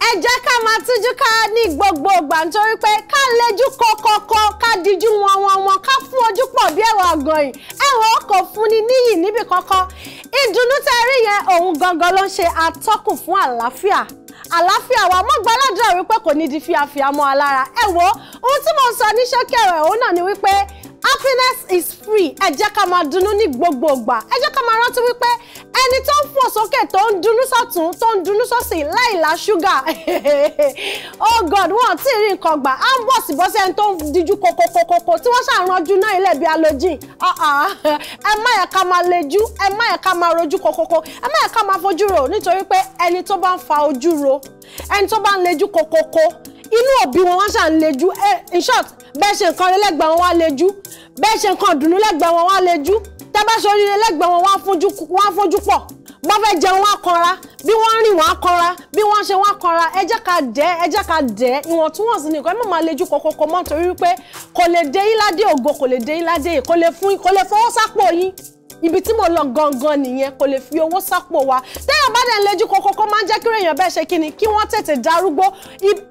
ẹ jẹ́ ká máa tújú ká ní gbogbo ìgbà nítorí pé ká lejú kọkọkọ ká díjú wọn wọn wọn ká fún ojú pọ̀ bí ẹ̀wọ̀n ọ̀gọ̀yìn ẹ̀wọ̀n ọkọ̀ fún ni níyì níbi kankan ìdùnnú tẹ rí yẹn òun gangan ló ń ṣe atọ́kùn fún àlàáfíà àlàáfíà wa mọ́ gbọ́ládùn wípé kò ní di fíafíà mọ́ alára ẹ̀wọ̀ ohun tí mo sọ ní ṣókè rẹ̀ òun náà ni wípé happiness is free ẹ jẹ́ ká máa dunnú ní gbogbo ìgbà ẹ jẹ́ ká máa rántí wípé ẹni tó ń fò sókè tó ń dunnú sọ̀tún tó ń dunnú sósì láìla ṣúgà oh god wọn tí ì rí nǹkan gbà á ń bọ̀ sí bọ́sẹ̀ ẹni tó ń díjú kokokokoko tí wọ́n ṣàranjú náà ilẹ̀ bíi alojin ẹ má yẹ ká máa lejú ẹ má yẹ ká máa rojú kokoko ẹ má yẹ ká máa fojú rò nítorí pé ẹni tó bá ń fa ojú ro ẹni tó bá ń lejú kokoko inú òbí wọn wá ṣà ń lejú in short bẹ́ẹ̀ ṣe nǹkan lẹ́gbàá wọn wá lejú bẹ́ẹ̀ ṣe nǹkan dùnú lẹ́gbàá wọn wá lejú tẹ́ bá ṣe oríire lẹ́gbàá wọn wá fojú pọ̀ bá fẹ́ jẹun wá kanra bí wọ́n rìn wá kanra bí wọ́n ṣe wá kanra ẹ jẹ́ ká dẹ́ ẹ jẹ́ ká dẹ́ ìwọ̀ntúnwọ̀nsì nìkan ẹ má máa lejú kokoko mọ́ torí wípé kò lè dé yín ládé ògo kò lè dé yín kò lè fún kò lè fọwọ́ sápò yín ibi tí mo lọ gangan nìyẹn kò lè fi owó sápò wa téèyàn bá dẹ̀ ń lejú kókó kó máa ń jẹ́ kí èèyàn bẹ́ẹ̀ ṣe kí ni kí wọ́n tètè darúgbó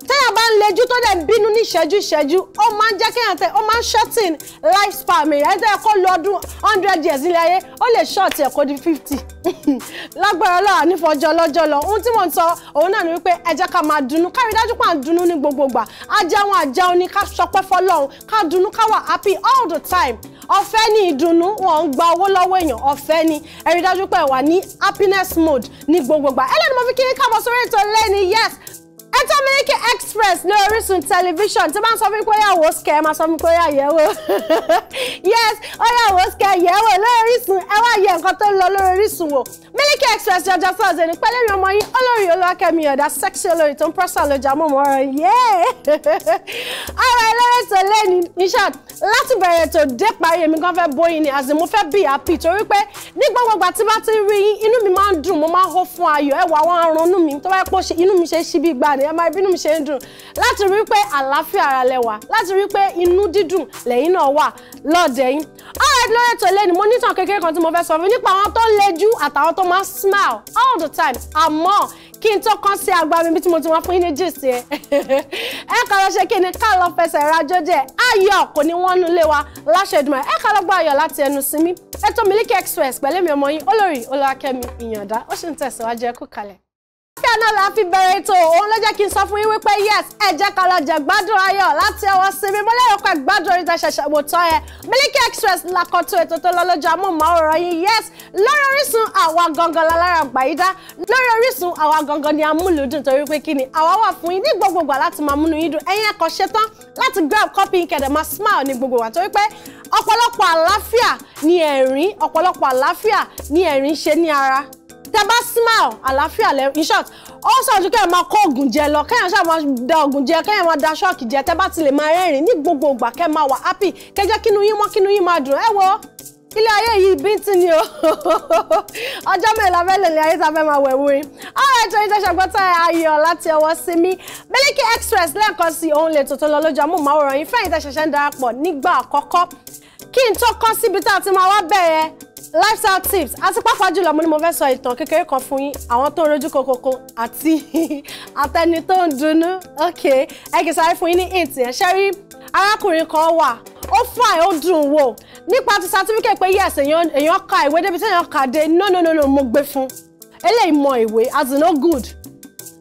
téèyàn bá ń lejú tó dẹ̀ ń bínú ní ìṣẹ́jú ìṣẹ́jú ó máa ń jẹ́ kí èèyàn tẹ̀ ó máa ń shorten life span mi ẹni tó yẹ kó lo ọdún hundred years nílé ayé ó lè short ẹ̀ kó di fifty lágbára ọlọ́run nífọ̀jọ́ lọ́jọ́ lọ ohun tí mò ń sọ òun náà ni wípé ẹ jẹ́ ká máa dunnú ká rí dájú pé à ń dunnú ní gbogbogbà á jẹun àjẹun ni ká sọpẹ́ fọlọ́run ká dunnú ká wà happy all the time ọ̀fẹ́ ni ìdùnnú wọn ń gba owó lọ́wọ́ èèyàn ọ̀fẹ́ ni ẹ rí dájú pé ẹ wà ní happiness mode ní gbogbogbà ẹlẹ́ni mo fi kí káàbọ̀ sórí ètò lẹ́ni yes ètò Miliki Express ní Orísun tẹlifíṣàn tí máa ń sọ fún pé yàwó skẹ máa sọ fún pé yàyẹwò yes ó yàwó skẹ yẹwò lórí Orísun ẹ wá yẹ nǹkan tó ń lọ lórí Orísun wò Miliki Express jọjọ fọọsẹ ní pẹ̀lú ìrìn ọmọ yín olórí olúwakẹmi ọdà sexy olórí tó ń pọsà lọjà mọmọ ọ̀rọ̀ yẹẹ ọ̀rọ̀ eléré tó lẹni nishad láti bẹ̀rẹ̀ tó dé parí èmi gan fẹ́ bóyin ni àti mo fẹ́ bí àpì torí pé ní gbogbogbà tí bá ti rí inú mi máa ń dùn mo máa ń hó fún ayọ̀ ẹwà wọn arun inú mi tó bá yẹ pé inú mi ṣe é ṣí bí gbà ní nìyẹn máa bínú ṣe ń dùn láti rí pé àlàáfíà ara lẹ wà láti rí pé inú dídùn lẹ́yìn náà wà lọ́ọ̀dẹ̀ yín. alright lórí ètò ilé ni mo nítàn kékeré kan tí mo fẹ́ sọ fún nípa àwọn tó lejú àtàwọn tó máa smile all the time àmọ́ kí n tó kán sí agbára ibi tí mo ti wá fún yín ní gist yẹn ẹ kà lọ ṣe kí ni ká lọ fẹsẹ̀ rajó jẹ ayọ̀ kò ní wọ́n nu lé wa láṣẹ ìdùnnú ẹ kà lọ gbọ́ ayọ̀ láti ẹnu sinmi ètò Miliki Express pẹ̀lú mi ọmọ yín olórí Olúwakẹ́mi Ìyàndá ó sì ń tẹ̀síwájú ẹ kú kalẹ̀ náà la fi bẹ̀rẹ̀ ètò òun ló jẹ́ kí n sọ fún yín wípé yes ẹ jẹ́ ká lọ jẹ gbádùn ayọ̀ láti ọwọ́ sinmi mo lérò pé gbádùn oríta ṣẹ̀ṣẹ̀ wò tán ẹ Miliki Express lakọ̀tún ètò tó lọ lójú amóhùnmáwòrán yín yes lórí Orísun àwa gangan lálára gbàyídá lórí Orísun àwa gangan ni amúlùdùn torí pé kí ni àwa wà fún yín ní gbogbogbà láti máa múnú yín dùn ẹ̀yin ẹ̀kọ́ ṣetán láti grab copy kẹ̀dẹ̀ máa smile ní gbogbo wa torí pé ọ̀pọ̀lọpọ̀ àlàáfíà ni ẹ̀rín ọ̀pọ̀lọpọ̀ àlàáfíà ni ẹ̀rín ṣe ní ara tẹ́ smile àlàáfíà lẹ in short ó sàn ju kẹ́yìn máa kó ògùn jẹ lọ kẹ́yìn ṣáà máa da ògùn jẹ kẹ́yìn máa da ṣọ́ọ̀kì jẹ tẹ́ bá ti lè máa rẹ́rìn ní gbogbo ìgbà kẹ́ máa wà happy kẹjẹ́ kínú yín mọ́ kínú yín máa dùn ẹ wo ilé ayé yìí bíntín ni o ọjọ́ mẹ́rin lábẹ́lẹ̀ ni ayé ta fẹ́ máa wẹ̀wù yín ọ̀rọ̀ ètò yìí tẹ̀sán gbọ́tọ̀ ayọ̀ láti ọwọ́ sí mi Miliki Express lẹ́ẹ̀kan sí òun lè tòótọ́ lọ lójú amóhùnmáwòrán yìí fẹ́yìn ń darapọ̀ nígbà àkọ́kọ́ kí n tó kọ́ síbi tá a ti máa wá bẹ̀rẹ̀ lifestyle tips àti pàápàá jùlọ mo ní mo fẹ́ sọ ìtàn kékeré kan fún yín àwọn tó ń rojú kokoko àti àtẹni tó ń dunnú ok ẹ kì í sáré fún yín ní hint yẹn ṣe rí arákùnrin kan wà ó fine ó dùn wò nípa ti certificate pé yes èèyàn ka ìwé débi tí èèyàn kà dé no no no no mo gbé fún eléyìí mọ ìwé as in no good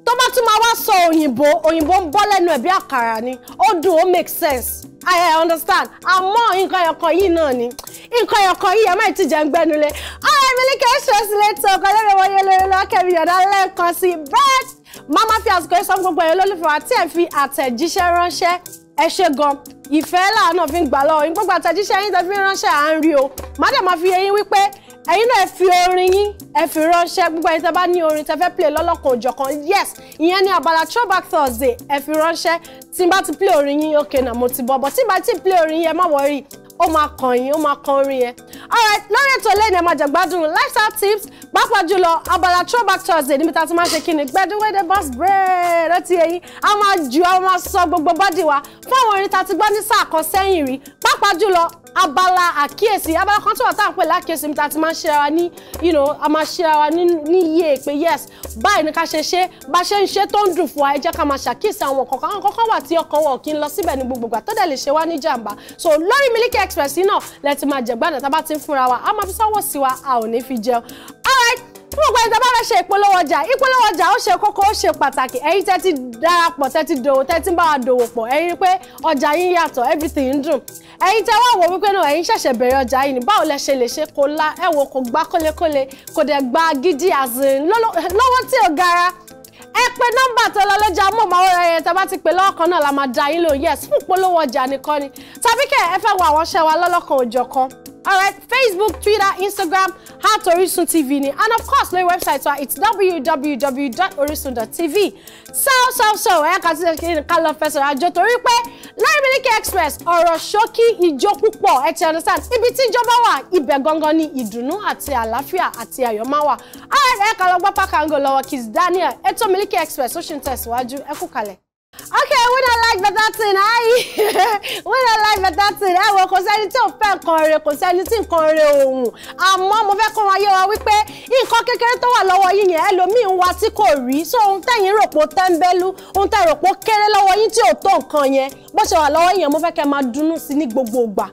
tó bá tún máa wá sọ òyìnbó òyìnbó ń bọ́ lẹ́nu ẹ̀ bí àkàrà ni ó dùn ó make sense i understand àmọ́ nǹkan ẹ̀kọ́ yìí náà ni nǹkan ẹ̀kọ́ yìí ẹ̀ má ti jẹ́ ń gbẹnulẹ̀ ọ̀rọ̀ Miliki Express létí ọkọ̀ lórí wọlé lórí lọ́kẹ́mi ọ̀dà lẹ́ẹ̀kan sí bẹ́ẹ̀t máma fi àsìkò yìí sọ fún gbogbo ẹ̀yọ́ lólùfẹ́ wa tí ẹ̀ fi àtẹ̀jíṣẹ́ ránṣẹ́ ẹ ṣé gan ìfẹ́ làánà fi ń gbà lọ́wọ́ yín gbogbo àtẹ̀jíṣẹ́ yín tẹ́ fi ránṣẹ́ à ń rí o má dẹ̀ máa fi yé yín wípé ẹ̀yin náà ẹ fi orin yín ẹ fi ránṣẹ́ gbogbo ẹ̀yin tẹ́ bá ní orin tẹ́ fẹ́ play lọ́lọ́kan òjọ̀kan yes ìyẹn ní abala throwback thursday ẹ fi ránṣẹ́ tí n bá ti play orin yín ok náà mo ti bọ̀ bọ̀ tí n bá ti play orin yín ẹ má wọrí ó máa kàn yín ó máa kan orin yẹn. alright lórí ètò lẹ́yìn ẹ̀ máa jẹ̀ gbádùn lifestyle tips pápá jùlọ abala throwback thursday níbi tá a ti máa ṣe kí ni gbẹdúwẹ́dẹ́ boss bread ó ti ẹyin a máa ju a máa sọ gbogbo bọ́dì wa fún àwọn orin tá a ti gbọ́ ní sáà kan sẹ́yìn rí pápá jùlọ abala àkíyèsí abala kan tí wọ́n tá à ń pè lákíyèsí mi ta ti máa ń ṣera ní you know a máa ṣera wa ní iye pé yes báyìí ni ká ṣe ṣe bá ṣe ń ṣe tó ń dùn fún wa ẹ jẹ́ ká máa ṣàkíyèsí àwọn kọ̀ọ̀kan àwọn kọ̀ọ̀kan wà tí ọkàn wọn kì í lọ síbẹ̀ ní gbogbo ìgbà tó dẹ̀ lè ṣe wá ní jàǹbá so lórí Miliki Express náà lẹ́ẹ̀tì máa jẹ̀gbọ́n àdàtà bá ti ń fúnra wa a máa fi sọ́wọ́ sí wa a ò ní fi jẹun fún ọgbà ìjọba fẹ́ ṣe ìpolówó ọjà ìpolówó ọjà ó ṣe kókó ó ṣe pàtàkì ẹ̀yin tẹ́tí darapọ̀ tẹ́tí dòwò tẹ́tí bá wa dòwò pọ̀ ẹ̀yin pé ọjà yín yàtọ̀ everything ń dùn ẹ̀yin tẹ́ wá wò wípé náà ẹ̀yin ṣẹ̀ṣẹ̀ bẹ̀rẹ̀ ọjà yìí ni báwo lẹ ṣe lè ṣe kó la ẹ wo kò gbá kólékólé kò dẹ̀ gba gidi àzìn lọ́wọ́ tí ò gara ẹ pè nọ́mbà tó lọ lọ́jà amóhùnmáwòrán yẹn tẹ́ bá ti pè lọ́ọ̀kan náà la máa da yín lò yes fún ìpolówó ọjà nìkan ni tàbí kẹ́ ẹ fẹ́ wo àwọn ṣẹ́ wa lọ́lọ́kan òjọ̀kan All right, facebook twitter instagram at orisun tv ni and of course lórí website So it's www.orisun.tv so so so ẹ kà sí ẹkẹ ká lọ fẹsẹ̀ àjọ torí pé lórí Miliki Express ọ̀rọ̀ ṣókí ìjó púpọ̀ ẹ ti understand ibi tí ìjọba wà ibẹ̀ gangan ni ìdùnnú àti àlàáfíà àti ayọ̀ máa wà alright ẹ kà lọ gbọ́ pàkàngò lọ́wọ́ Kiss Daniel ètò Miliki Express ó ṣì ń tẹ̀síwájú ẹ kú kalẹ̀ okay we don't like better thing i we don't like better thing ẹ wo kò sẹ́ni tí ò fẹ́ nǹkan rẹ̀ kò sẹ́ni tí nǹkan rẹ̀ òun àmọ́ mo fẹ́ kó wọn yé wa wípé nǹkan kékeré tó wà lọ́wọ́ yín yẹn ẹlòmíì ń wá tí kò rí so ohun tẹ̀yìn rò pó tẹ́ńbẹ́lú ohun tẹ̀ rò pó kéré lọ́wọ́ yín tí ò tó nǹkan yẹn bó ṣe wà lọ́wọ́ yín yẹn mo fẹ́ kẹ́ máa dunnú sí ní gbogbo ìgbà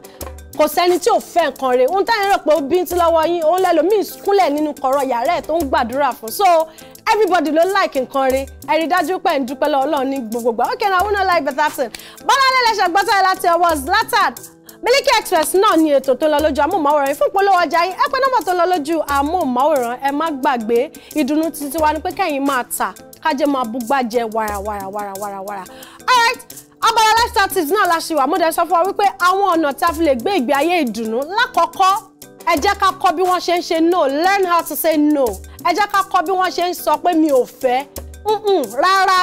kò sẹ́ni tí ò fẹ́ nǹkan rẹ̀ òun táyà rò pé ó bíntín lọ́wọ́ yín òun lẹ́lòmíì kúnlẹ̀ nínú kọ̀rọ̀ yàrá ẹ̀ tó ń gbàdúrà so everybody ló like nǹkan rí ẹ̀rí dájú pé ń dúpẹ́ lọ́wọ́ Ọlọ́run ní gbogbogbà ok now we no like better absent bọ́láńlé lẹ́sẹ̀ gbọ́tọ́ láti ọwọ́ zlatan Miliki Express náà ni ètò tó ń lọ lójú amóhùnmáwòrán fún polówó ọjà yín ẹ pé nọ́mbà tó ń lọ lójú amóhùnmáwòrán ẹ má gbàgbé ìdùnnú títí wa ni pé kẹ́yìn máa tà kájẹ́ máa búgbàjẹ́ wàràwàràwàràwàrà all right abala lifestyle tips náà la ṣe wà mo dẹ̀ sọ fún wa wípé àwọn ọ̀nà tá a fi lè gbé ìgbé ayé ìdùnnú lákọ̀ọ́kọ́ ẹ jẹ́ ká kọ́ bí wọ́n ṣe ń ṣe no learn how to say no ẹ jẹ́ ká kọ́ bí wọ́n ṣe ń sọ pé mi ò fẹ́ rárá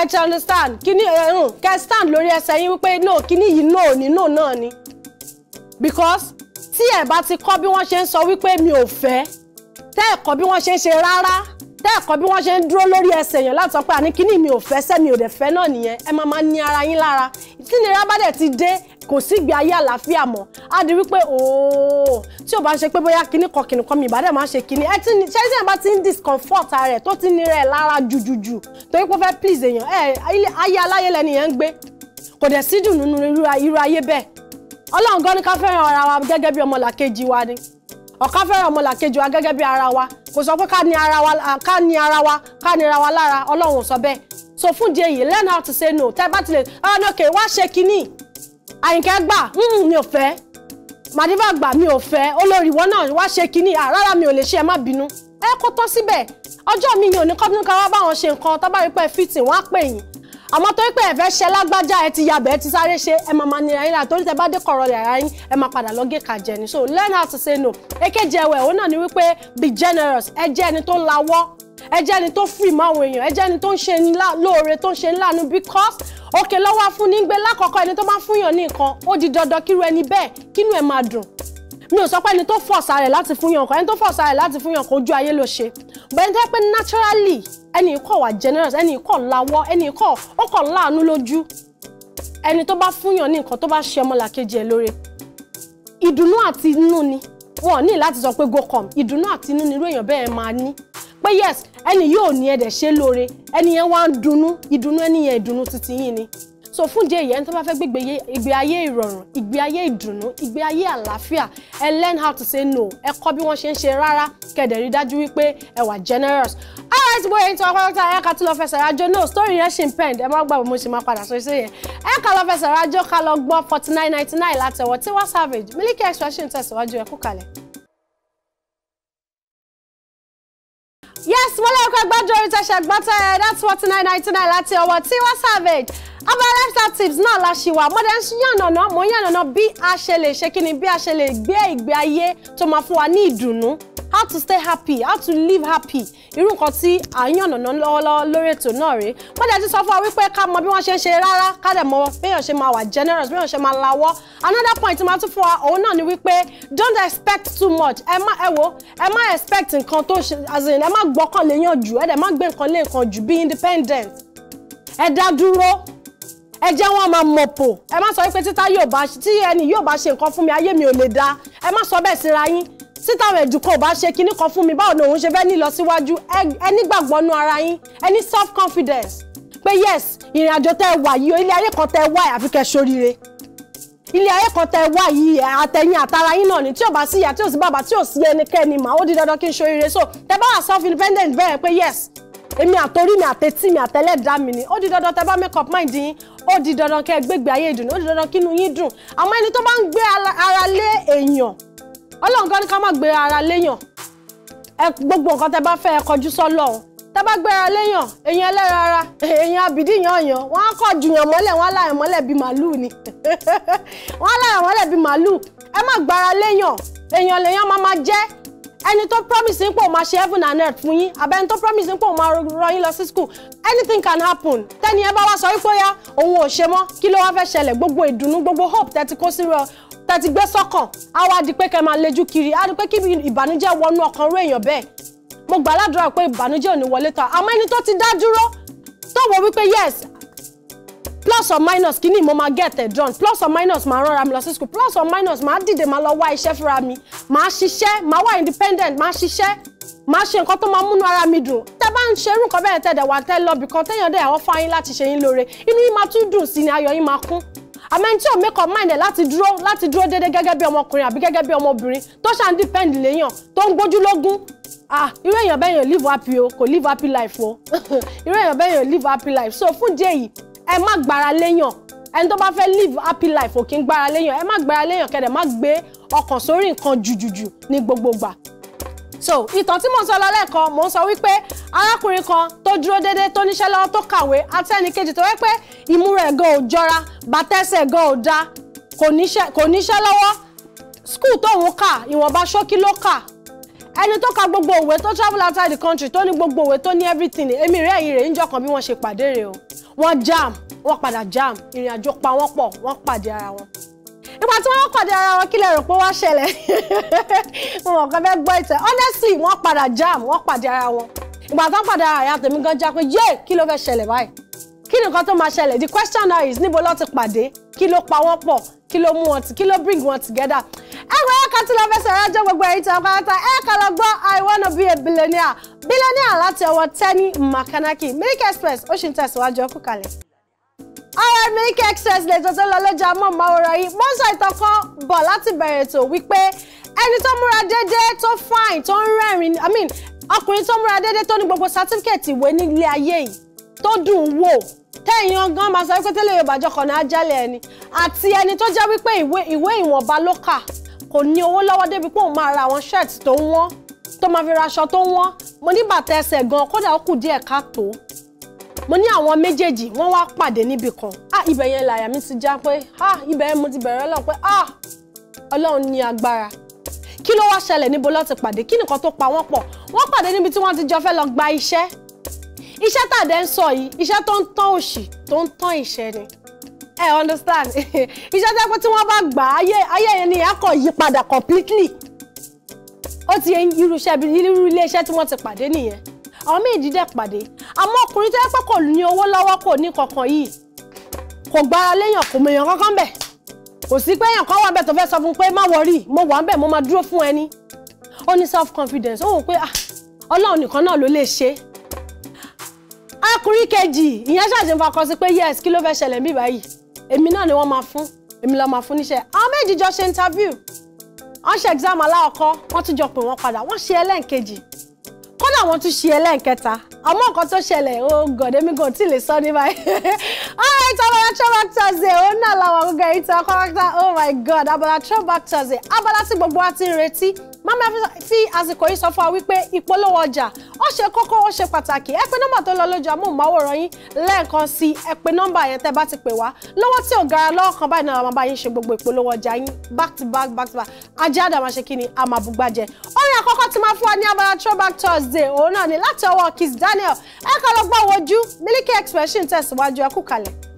ẹ ti understand kíní ẹ̀rùn eh, mm, kẹ́ stand lórí ẹsẹ̀ yín wípé no kíní yìí no ní no náà ni because tí ẹ bá ti kọ́ bí wọ́n ṣe ń sọ wípé mi ò fẹ́ tẹ́ ẹ kọ́ bí wọ́n ṣe ń ṣe rárá tẹ́ ẹ kọ́ bí wọ́n ṣe ń dúró lórí ẹsẹ̀ èèyàn láti sọ pé àní kíní mi ò fẹ́ sẹ́ mi ò dẹ̀ fẹ́ náà nìyẹn ẹ máa máa ní ara yín lára tí ìnira bá ti dé kò sí ìgbé ayé àlàáfíà mọ́ á di wípé ooo tí ò bá ṣe pé bóyá kinní kan kinní kan mi ìbá máa ṣe kinní ẹ ti ní ṣé bá ti ń discomfort rẹ̀ tó ti ní rẹ̀ lára jujuju torí pé ó fẹ́ please èèyàn ẹ ayé aláyé lẹni yẹn ń gbé kò dẹ̀ sí dùn nínú irú ayé bẹ́ẹ̀ ọlọ́run gan ni ká fẹ́ràn ara wa gẹ́gẹ́ bí ọmọlàkejì wa ni ọ̀ká fẹ́ràn ọmọlàkejì wa gẹ́gẹ́ bí ara wa kò sọ pé ká ní ara wa ká ní ara wa ká ní ara wa lára ọlọ́run sọ bẹ́ẹ̀ so fún di èyí learn how to say no tẹ́ bá ti lè ọ̀nà ah, òkè wá ṣe kínní àyìnkẹ́ gbà mi ò fẹ́ màdìbà gbà mi ò fẹ́ olórí ìwọ náà wá ṣe kínní rárá mi ò lè ṣe ẹ má bínú ẹ kó tán síbẹ̀ ọjọ́ mi ni òní kọ́ńtún ká wá báwọn ṣe nǹkan tó bá rí pé fitting wọ́n á pè yín àmọ́ torí pé ẹ fẹ́ ṣe lágbájá ẹ ti yabẹ̀ ẹ ti sáré ṣe ẹ máa máa nira yín láti torí bá dé kọ̀rọ̀ yàrá yín ẹ máa padà lọ gé ka jẹ ni so learn how to say no èkejì ẹ̀wẹ̀ òun náà ni wípé be generous ẹ jẹ́ ẹni tó lawọ́ ẹ jẹ́ ẹni tó free mọ́ àwọn èèyàn ẹ jẹ́ ẹni tó ń ṣe lóore tó ń ṣe láàánú because òkè lọ́wọ́ fún ní gbé lákọ̀ọ́kọ́ ẹni tó máa fún yàn ní nǹkan ó di dandan kírú ẹni bẹ́ẹ̀ kínú ẹ̀ máa dùn mi ò sọ pé ẹni tó force rẹ̀ láti fún yàn kan ẹni tó force rẹ̀ láti fún yàn kan ojú ayé ló ṣe but ẹni tó pé naturally ẹni kò wà generous ẹni kò lawọ́ ẹni kò ó kò láàánú lójú ẹni tó bá fún yàn ní nǹkan tó bá ṣe ọmọlàkejì ẹ̀ lóore ìdùnnú àti inú ni wọn ní láti sọ pé go come ìdùnnú àti inú ni irú èèyàn bẹ́ẹ̀ máa ní pé yes ẹni yóò ní ẹ̀dẹ̀ ṣe lóore ẹni yẹn wá ń dunnú ìdùnnú ẹni yẹn ìdùnnú títí yìí ni so fún díẹ̀ yẹn tó bá fẹ́ gbégbé ìgbé ayé ìrọ̀rùn ìgbé ayé ìdùnnú ìgbé ayé àlàáfíà ẹ learn how to say no ẹ kọ́ bí wọ́n ṣe ń ṣe rárá kẹ̀dẹ̀ rí dájú wípé ẹ wà generous alright bóyá ẹni tí wọ́n pátá ẹ ká tún lọ fẹsẹ̀ rájọ no story yẹn ṣì ń pend ẹ má gbàgbọ́ mo ṣe máa padà sọ sí yẹn ẹ ká lọ fẹsẹ̀ rájọ ká lọ gbọ́ forty nine ninety nine látẹ̀wọ̀ Tiwa Savage Miliki Express ṣì ń tẹ̀síwájú ẹ kú kalẹ̀. yes mo lẹ́yìn pẹ́ gbájú orin that's forty nine ninety nine láti ọwọ́ Tiwa Savage abala lifestyle tips náà la ṣì wà mọ́dẹ̀ ń yànnàná mo ń yànnàná bí a ṣe lè ṣe kí ni bí a ṣe lè gbé ìgbé ayé tó máa fún wa ní ìdùnnú how to stay happy how to live happy irú nǹkan tí à ń yànnàná lọ́wọ́lọ́wọ́ lórí ètò náà rèé wọ́n dẹ̀ ti sọ fún wa wípé ká mọ bí wọ́n ṣe ń ṣe rárá ká dẹ̀ mọ béèyàn ṣe máa wà generous béèyàn ṣe máa lawọ́ another point máa tún fún wa òun náà ni wípé don't expect too much ẹ má ẹ wo ẹ má expect nǹkan tó ṣe as in ẹ má gbọ́kàn léyàn jù ẹ dẹ̀ má gbé nǹkan lé nǹkan jù be independent ẹ dá dúró ẹ jẹ́ wọ́n máa mọ̀pọ̀ ẹ má sọ wípé títa yóò bá tí ẹni yóò bá ṣe nǹkan fún mi ayé mi ò lè dá ẹ má sọ bẹ́ẹ̀ síra yín sítáwọn ẹ̀jù kan ò bá ṣe kinní kan fún mi báwo ni òun ṣe fẹ́ ní ìlọsíwájú ẹ nígbàgbọ́ nú ara yín ẹ self confidence pé yes ìrìn àjò tẹ́ ẹ wà yìí ilé ayé kan tẹ́ ẹ wà àfi kẹ́ ṣoríire ilé ayé kan tẹ́ ẹ wà yìí àtẹ̀yìn àtara yín náà ni tí ò bá sí ìyá tí ò sí bàbá tí ò sí ẹnikẹ́ni mà ó di dandan kí n ṣoríire so tẹ́ bá wà self independent bẹ́ẹ̀ pé yes èmi àtòrí mi àtẹtí mi àtẹlẹ́dàá mi ni ó di dandan tẹ́ bá make up mind yín ó di dandan kẹ́ gbégbé ayé ìdùnnú ó di dandan kínú yín dùn àmọ́ ẹni tó bá ń gbé ara lé èèyàn ọlọ́run gan ni ká má gbé ara léèyàn ẹ gbogbo nǹkan tẹ bá fẹ́ ẹ kọjú sọ́lọ́run tẹ bá gbé ara léèyàn èèyàn ẹlẹ́rara èèyàn abìdí yànyàn wọ́n á kọ̀ jùyàn mọ́lẹ̀ wọ́n á láyàn mọ́lẹ̀ bíi màálùú ni wọ́n á láyàn mọ́lẹ̀ bíi màálùú ẹ má gbára léèyàn èèyàn lèèyàn máa máa jẹ́ ẹni tó promise pé òun máa ṣe heaven and earth fún yín àbẹ ẹni tó promise pé òun máa rọ yín lọ sí school anything can happen tẹ́ni ẹ bá wá sọ wípé ó yá òun ò ṣe mọ́ kí ló wá fẹ́ ṣẹlẹ̀ gbogbo ìdùnnú gbogbo hope tẹ́ ti kó sí tẹ̀tí gbé sọ́kàn á wá di pé kẹ́ máa lejú kiri á di pé kí ìbànújẹ́ wọnú ọkàn rú èèyàn bẹ́ẹ̀ mo gbà ládùúrà pé ìbànújẹ́ ò ní wọlé tán àmọ́ ẹni tó ti dá dúró tó wọ wípé yes plus or minus kí ni mo máa get ẹ̀ done plus or minus máa rọra mi lọ sí school plus or minus máa dìde máa lọ wá iṣẹ́ fúnra mi máa ṣiṣẹ́ máa wà independent máa ṣiṣẹ́ máa ṣe nǹkan tó máa múnú ara mi dùn tẹ bá ń ṣerú nǹkan bẹ́ẹ̀ tẹ̀ dẹ̀ wà tẹ́ lọ́bì kan téèyàn dẹ̀ àwọn fáyín láti ṣe yín lóore inú yín máa tún dùn sí ni ayọ̀ yín máa kún àmẹ́ni tí ò mẹ́kọ̀ọ́ máa nẹ̀ láti dúró láti dúró déédéé gẹ́gẹ́ bí ọmọkùnrin àbí gẹ́gẹ́ bí ọmọbìnrin tó ṣà ń dìpẹ́ǹdì léèyàn tó ń gbójú lógún ah irú èèyàn bẹ́ẹ̀ yàn live happy o kò live happy life o irú èèyàn bẹ́ẹ̀ yàn live happy life so fún díẹ̀ yìí ẹ má gbára léèyàn ẹni tó bá fẹ́ live happy life ò kí ń gbára léèyàn ẹ má gbára léèyàn kẹ́dẹ̀ má gbé ọkàn sórí nǹkan jùjùjù ní gbogbogbà so ìtàn tí mò ń sọ lọ lẹ́ẹ̀kan mò ń sọ wípé arákùnrin kan tó dúró déédéé tó níṣẹ́ lọ́wọ́ tó kàwé àti ẹnìkejì tó wẹ́ pé ìmúra ẹ̀gọ́ ò jọra bàtẹ́sẹ̀ ẹ̀gọ́ ò da kò níṣẹ́ lọ́wọ́ skul tóun kà ìwọ̀nba ṣókí ló kà ẹni tó ka gbogbo òwe tó travel outside the country tó ní gbogbo òwe tó ní everything èmi rẹ̀ ẹ̀yìn rẹ̀ níjọ́ kan bí wọ́n ṣe pàdé rẹ̀ o wọ́n jam wọ́n padà jam ìrìn àjò pa wọ́n pọ̀ wọ́n pàdé ara wọn ìgbà tí wọ́n pàdé ara wọn kílẹ̀ rò pé wá ṣẹlẹ̀ mo mọ̀ kàn fẹ́ gbọ́ ìtẹ̀ honestly wọ́n padà jam wọ́n pàdé ara wọn ìgbà tí wọ́n pàdé ara ìyá tèmi gan já pé yé kí ló fẹ́ ṣẹlẹ̀ báyìí kí ni nǹkan tó máa ṣẹlẹ̀ the question now is níbo ló ti pàdé kí ló pa wọ́n pọ̀ kí ló mú wọn tí kí ló bring wọn together ẹgbẹ́ ẹ̀ka tí lọ fẹsẹ̀ rẹ jẹ́ gbogbo ẹ̀yìn tí wọ́n pátá ẹ̀ka lọ gbọ́ I wanna be a billionaire billionaire láti ọwọ́ Tẹ́ni Makanaki Miliki Express ó ṣì ń tẹ̀síwájú ọkùnkalẹ̀ ọ̀rẹ́ Miliki Express lè tọ́tọ́ lọ lọ́jà mọ́ọ̀mọ́wòrán yìí mo ń sọ ìtàn kan bọ̀ láti bẹ̀rẹ̀ ètò wípé ẹni tó múra déédéé tó fine tó ń rẹ́rìn i mean ọkùnrin tó múra déédéé tó ní gbogbo sátífíkẹ̀tì ìwé nílé ayé yìí tó dùn wò tẹ̀yìn gan máa sọ wípé tẹ́lẹ̀ Yorùbá jọkọ̀ náà jálẹ̀ ẹni àti ẹni tó jẹ́ wípé ìwé ìwọ̀nba ló kà kò ní owó lọ́wọ́ débi pé òun máa ra àwọn shirt tó wọ́n tó máa fi raṣọ tó wọ́n mo ní bàtà ẹsẹ̀ gan kódà ó kù díẹ̀ káàtó mo ní àwọn méjèèjì wọ́n wá pàdé níbì kan ah ibẹ̀ yẹn làyà mi ti já pé ah ibẹ̀ yẹn mo ti bẹ̀rẹ̀ ọlọ́run pé ah ọlọ́run ní agbára kí ló wá ṣẹlẹ̀ níbo ló ti pàdé kí nìkan tó pa wọ́n pọ̀ wọ́n pàdé níbi tí wọ́n ti jọ fẹ́ lọ gba iṣẹ́ iṣẹ́ tàdé ń sọ yìí iṣẹ́ tó ń tán òṣì tó ń tán ìṣẹ́ ni ẹ understand iṣẹ́ tẹ́ pé tí wọ́n bá gbà á ayé yẹn ni ìyá yí padà completely ó ti irú iṣẹ́ irú ilé iṣẹ́ tí wọ́n ti pàdé nìyẹn àwọn méjì dẹ̀ pàdé àmọ́ ọkùnrin tẹ́ pé kò ní owó lọ́wọ́ kò ní kankan yìí kò gbára léèyàn kò mèèyàn kankan bẹ̀ kò sí pé èèyàn kan wà bẹ́ẹ̀ tó fẹ́ sọ fún pé má wọrí mo wà bẹ́ẹ̀ mo máa dúró fún ẹni ó ní self confidence ó wò pé ah, ọlọ́run nìkan náà ló lè ṣe ọkùnrin kejì ìyẹn ṣàṣì ń fakọ sí pé yes kí ló fẹ́ ṣẹlẹ̀ ń bì báyìí èmi náà ni wọ́n máa fún èmi la máa fún níṣẹ́ àwọn méjì jọ ṣe interview wọ́n ṣe exam aláwọ̀kọ́ wọ́n tún jọ pè wọ́n padà wọ́n ṣe ẹlẹ́ǹkejì àwọn tún ṣe ẹlẹ́ẹ̀kẹta àmọ́ nǹkan tó ṣẹlẹ̀ ó oh gọ̀dẹ́ mi gan tí lè sọ ní báyìí alright abala throwback thursday òun náà làwọn akókò ẹ̀yìn tí wọ́n kọ́ oh my god abala throwback thursday abala tí gbogbo wa ti ń retí mama fi àsìkò yìí sọ fún wa wípé ìpolówó ọjà ó ṣe kókó ó ṣe pàtàkì ẹ pè nọ́mbà tó lọ lójú amóhùnmáwòrán yín lẹ́ẹ̀kan sí ẹ pè nọ́mbà yẹn tẹ́ bá ti pè wá lọ́wọ́ tí ò gara lọ́wọ́ kan báyìí náà máa bá ṣe gbogbo ìpolówó ọjà yín back to back back to back ajé àdá máa ṣe kí ni a máa bùgbà jẹ orin àkọ́kọ́ ti máa fún wa ní abala throwback thursday òun náà ni láti ọwọ́ Kiss Daniel ẹ kàn wojú Miliki expression ṣì ń tẹ̀síwájú ẹ kalẹ̀.